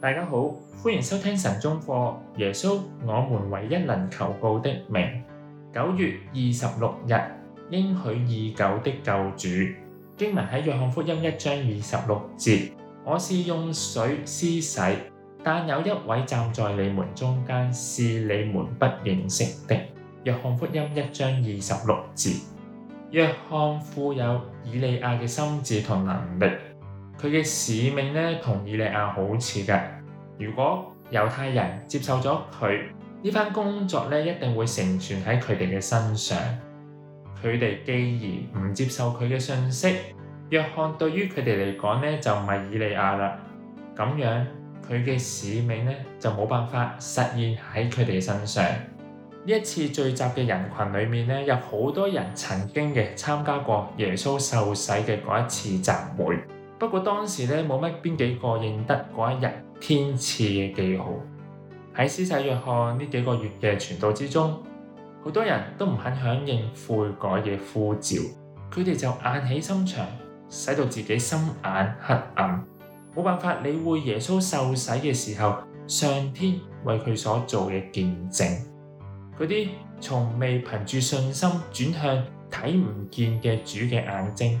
大家好，歡迎收聽晨鐘課。耶穌，我們唯一能求告的名。九月二十六日，應許已久的救主。經文喺約翰福音一章二十六節：我是用水施洗，但有一位站在你們中間，是你們不認識的。約翰福音一章二十六節。約翰富有以利亞嘅心智同能力，佢嘅使命呢，同以利亞好似嘅。如果猶太人接受咗佢呢班工作咧，一定會成全喺佢哋嘅身上。佢哋既然唔接受佢嘅信息，約翰對於佢哋嚟講咧，就唔係以利亞啦。咁樣，佢嘅使命咧，就冇辦法實現喺佢哋身上。呢一次聚集嘅人群裏面呢，有好多人曾經嘅參加過耶穌受洗嘅嗰一次集會。不過當時咧冇乜邊幾個認得嗰一日天賜嘅記號。喺施洗約翰呢幾個月嘅傳道之中，好多人都唔肯響應悔改嘅呼召，佢哋就硬起心腸，使到自己心眼黑暗，冇辦法理會耶穌受洗嘅時候，上天為佢所做嘅見證。嗰啲從未憑住信心轉向睇唔見嘅主嘅眼睛。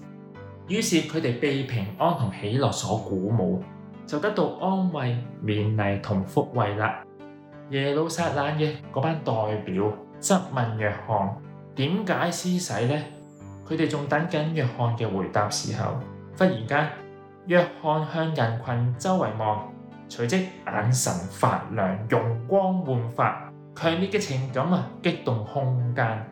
於是佢哋被平安同喜樂所鼓舞，就得到安慰、勉勵同福惠啦。耶路撒冷嘅嗰班代表質問約翰：點解施洗咧？佢哋仲等緊約翰嘅回答時候，忽然間，約翰向人群周圍望，隨即眼神發亮、容光煥發，強烈嘅情感啊，激動空間。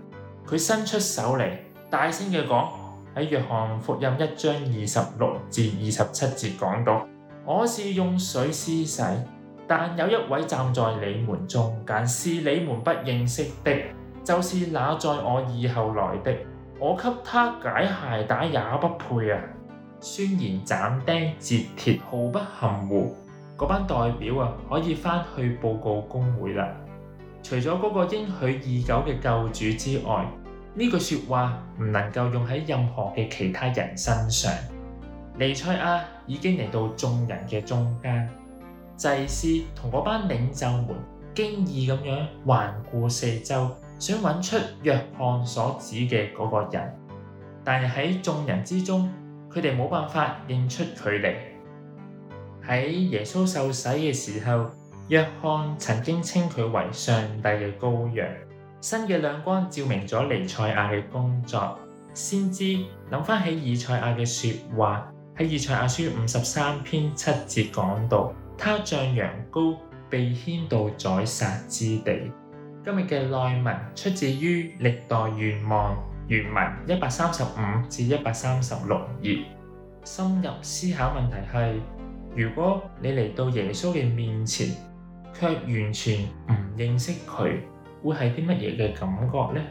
佢伸出手嚟，大聲嘅講。喺約翰福音一章二十六至二十七節講到：我是用水施洗，但有一位站在你們中間，是你們不認識的，就是那在我以後來的。我給他解鞋帶也不配啊！宣言斬釘截鐵，毫不含糊。嗰班代表啊，可以返去報告公會啦。除咗嗰個應許已久嘅救主之外。呢句說話唔能夠用喺任何嘅其他人身上。彌賽亞已經嚟到眾人嘅中間，祭司同嗰班領袖們驚異咁樣環顧四周，想揾出約翰所指嘅嗰個人，但係喺眾人之中，佢哋冇辦法認出佢嚟。喺耶穌受洗嘅時候，約翰曾經稱佢為上帝嘅羔羊。新嘅亮光照明咗尼賽亞嘅工作，先知諗翻起以賽亞嘅說話，喺以賽亞書五十三篇七節講到，他像羊羔被牽到宰殺之地。今日嘅內文出自於歷代願望原文一百三十五至一百三十六頁。深入思考問題係：如果你嚟到耶穌嘅面前，卻完全唔認識佢。會係啲乜嘢嘅感覺呢？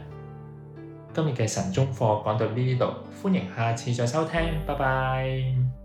今日嘅晨鐘課講到呢度，歡迎下次再收聽，拜拜。